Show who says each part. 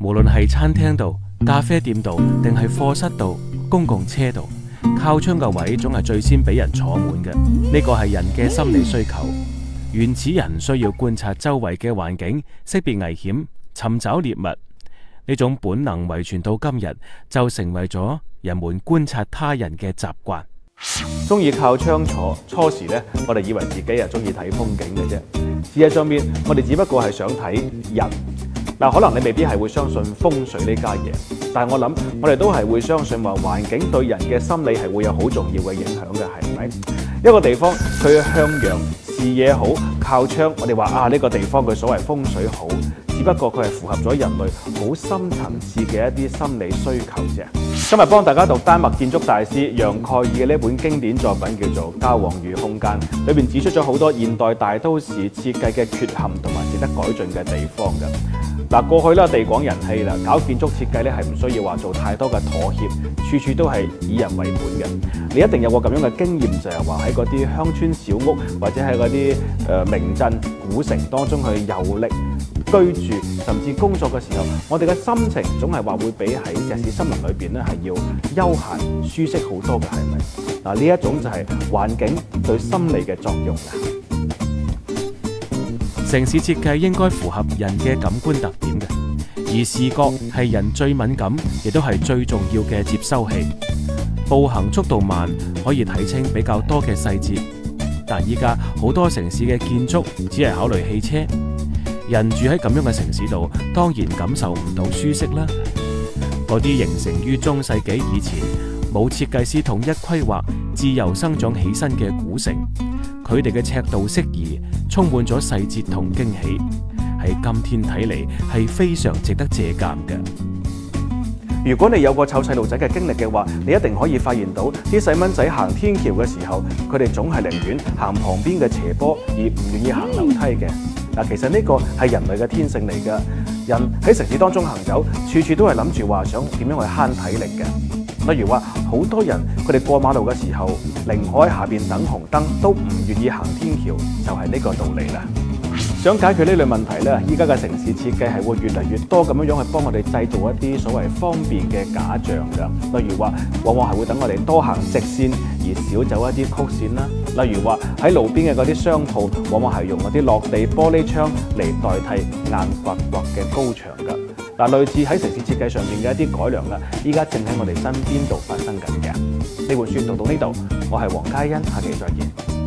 Speaker 1: 無論係餐廳度、咖啡店度，定係課室度、公共車度，靠窗嘅位總係最先俾人坐滿嘅。呢個係人嘅心理需求。原始人需要觀察周圍嘅環境，識別危險，尋找獵物。呢種本能遺傳到今日，就成為咗人們觀察他人嘅習慣。中意靠窗坐，初時呢，我哋以為自己係中意睇風景嘅啫。事實上面，我哋只不過係想睇人。嗱，可能你未必係會相信風水呢家嘢，但係我諗我哋都係會相信話環境對人嘅心理係會有好重要嘅影響嘅，係咪？一個地方佢向陽，視野好，靠窗，我哋話啊呢個地方佢所謂風水好，只不過佢係符合咗人類好深層次嘅一啲心理需求啫。今日幫大家讀丹麥建築大師楊蓋爾嘅呢本經典作品，叫做《交往與空間》，裏邊指出咗好多現代大都市設計嘅缺陷同埋值得改進嘅地方嘅。嗱，過去咧地廣人稀啦，搞建築設計咧係唔需要話做太多嘅妥協，處處都係以人為本嘅。你一定有個咁樣嘅經驗，就係話喺嗰啲鄉村小屋，或者喺嗰啲誒名鎮古城當中去遊歷居住，甚至工作嘅時候，我哋嘅心情總係話會比喺石屎森林裏邊咧係要休閒舒適好多嘅，係咪？嗱，呢一種就係環境對心理嘅作用啦。城市設計應該符合人嘅感官特點嘅，而視覺係人最敏感，亦都係最重要嘅接收器。步行速度慢，可以睇清比較多嘅細節，但依家好多城市嘅建築唔只係考慮汽車，人住喺咁樣嘅城市度，當然感受唔到舒適啦。嗰啲形成於中世紀以前。冇設計師統一規劃，自由生長起身嘅古城，佢哋嘅尺度適宜，充滿咗細節同驚喜，喺今天睇嚟係非常值得借鑒嘅。如果你有個湊細路仔嘅經歷嘅話，你一定可以發現到啲細蚊仔行天橋嘅時候，佢哋總係寧願行旁邊嘅斜坡，而唔願意行樓梯嘅。嗱，其實呢個係人類嘅天性嚟嘅。人喺城市當中行走，處處都係諗住話想點樣去慳體力嘅。例如話，好多人佢哋過馬路嘅時候，寧海下邊等紅燈都唔願意行天橋，就係呢個道理啦。想解決呢類問題咧，依家嘅城市設計係會越嚟越多咁樣樣去幫我哋製造一啲所謂方便嘅假象㗎。例如話，往往係會等我哋多行直線而少走一啲曲線啦。例如話，喺路邊嘅嗰啲商鋪，往往係用嗰啲落地玻璃窗嚟代替硬刮刮嘅高牆㗎。嗱，類似喺城市設計上面嘅一啲改良啦，依家正喺我哋身邊度發生緊嘅。呢本書讀到呢度，我係黃嘉欣，下期再見。